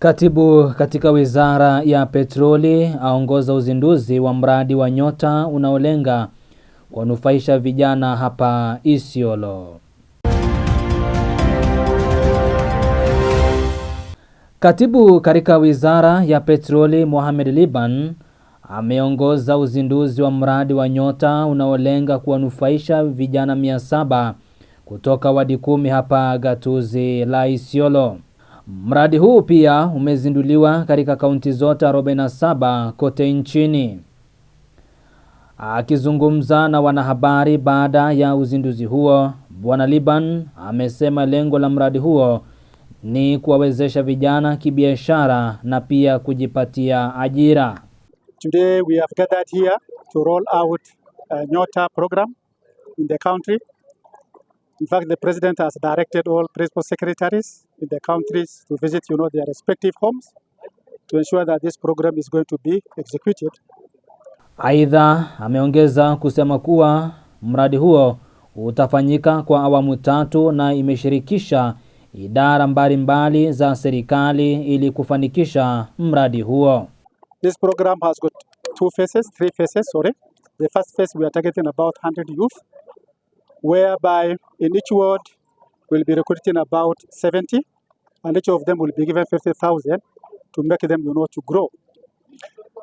Katibu katika Wizara ya Petroli aongoza uzinduzi wa mradi wa Nyota unaolenga kuwanufaisha vijana hapa Isiolo. Katibu katika Wizara ya Petroli Mohamed Liban ameongoza uzinduzi wa mradi wa Nyota unaolenga kuwanufaisha vijana mia saba kutoka wadi kumi hapa gatuzi la Isiolo. Mradi huu pia umezinduliwa katika kaunti zote 47 kote nchini. Akizungumza na wanahabari baada ya uzinduzi huo, Bwana Liban amesema lengo la mradi huo ni kuwawezesha vijana kibiashara na pia kujipatia ajira. Today we have gathered here to roll out a Nyota program in the country. In fact, the president has directed all principal secretaries in the countries to visit, you know, their respective homes to ensure that this program is going to be executed. Aidha, ameongeza kusema kuwa mradi huo utafanyika kwa awamu tatu na imeshirikisha idara mbalimbali mbali za serikali ili kufanikisha mradi huo. This program has got two phases, three phases, sorry. The first phase we are targeting about 100 youth whereby in each ward we'll be recruiting about 70, and each of them will be given 50,000 to make them, you know, to grow.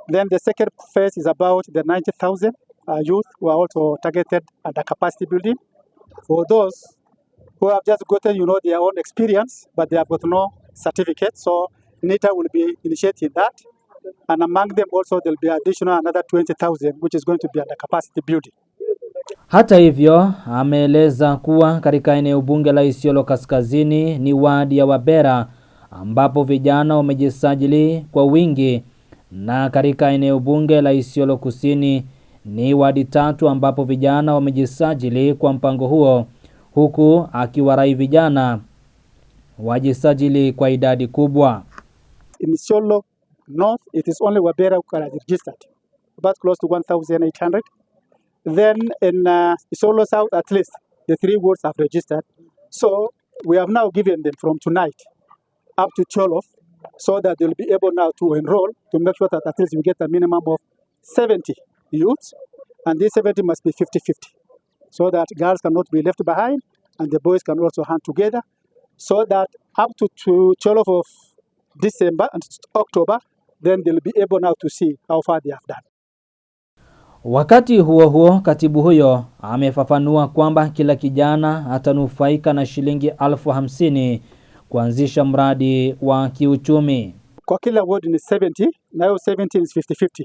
Then the second phase is about the 90,000 uh, youth who are also targeted at the capacity building. For those who have just gotten, you know, their own experience, but they have got no certificate, so NITA will be initiating that. And among them also, there'll be additional another 20,000, which is going to be under capacity building. Hata hivyo, ameeleza kuwa katika eneo bunge la Isiolo Kaskazini ni wadi ya Wabera ambapo vijana wamejisajili kwa wingi na katika eneo bunge la Isiolo Kusini ni wadi tatu ambapo vijana wamejisajili kwa mpango huo, huku akiwarai vijana wajisajili kwa idadi kubwa. In Isiolo North, it is only Wabera who are registered. About close to 1,800. Then in uh, Solo South, at least the three wards have registered. So we have now given them from tonight up to 12 so that they'll be able now to enroll to make sure that at least we get a minimum of 70 youths. And these 70 must be 50 50 so that girls cannot be left behind and the boys can also hand together so that up to, to 12 of December and October, then they'll be able now to see how far they have done. Wakati huo huo, katibu huyo amefafanua kwamba kila kijana atanufaika na shilingi elfu hamsini kuanzisha mradi wa kiuchumi. Kwa kila ward ni 70 na hiyo 70 is 50-50.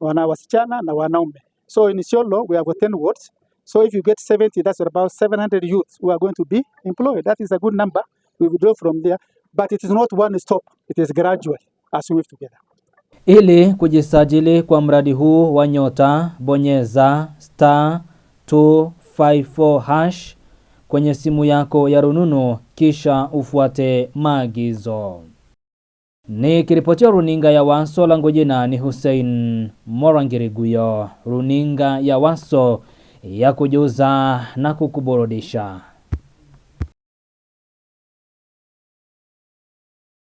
Wana wasichana na wanaume. So in Isiolo we have got 10 wards. So if you get 70 that's about 700 youths who are going to be employed. That is a good number. We will draw from there, but it is not one stop. It is gradual as we move together. Ili kujisajili kwa mradi huu wa nyota, bonyeza star 254 hash kwenye simu yako ya rununu, kisha ufuate maagizo. ni Nikiripotia runinga ya Waso, langu jina ni Hussein Morangiriguyo, runinga ya Waso ya kujuza na kukuburudisha.